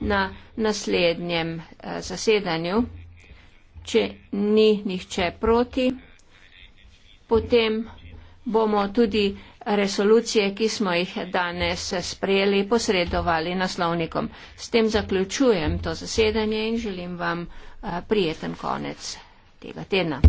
na naslednjem eh, zasedanju. Če ni nihče proti, potem bomo tudi resolucije, ki smo jih danes sprejeli, posredovali naslovnikom. S tem zaključujem to zasedanje in želim vam eh, prijeten konec tega tedna.